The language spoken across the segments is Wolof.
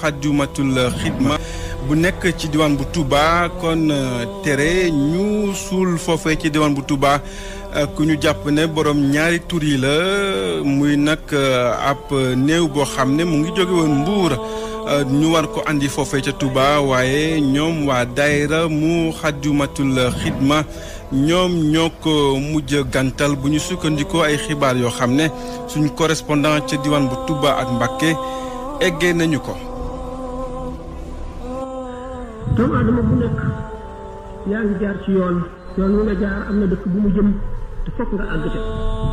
xajumatul khidma bu nek ci diwan bu Touba kon euh, tere ñu sul fofé ci diwan bu Touba euh, ku ñu japp né borom ñaari tour yi la muy nak euh, ap néw bo xamné mu ngi joggé won mbour ñu war ko andi fofé ci Touba wayé ñom wa daayira mu xajumatul khidma ñom ñoko ko mujj gantal bu ñu ay xibaar yo xamné ne suñu correspondant ci diwan bu Touba ak Mbacké nañu ko doomu aadama bu nekk yaa ngi jaar ci yoon yoon wi nga jaar am na dëkk bu mu jëm te fokk nga àgg te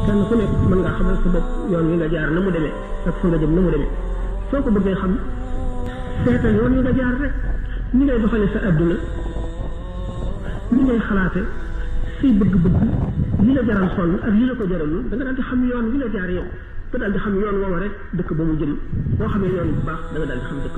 kenn ku nekk mën nga xamal sa bopp yoon wi nga jaar na mu demee ak fu nga jëm na mu demee soo ko bëggee xam seetal yoon wi nga jaar rek ni ngay doxale sa adduna ni ngay xalaate say bëgg-bëgg li la jaral sonn ak li la ko jaralul da nga di xam yoon wi la jaar yow nga daal di xam yoon woowa rek dëkk ba mu jëm boo xamee yoon bu baax da nga daal di xam dëkk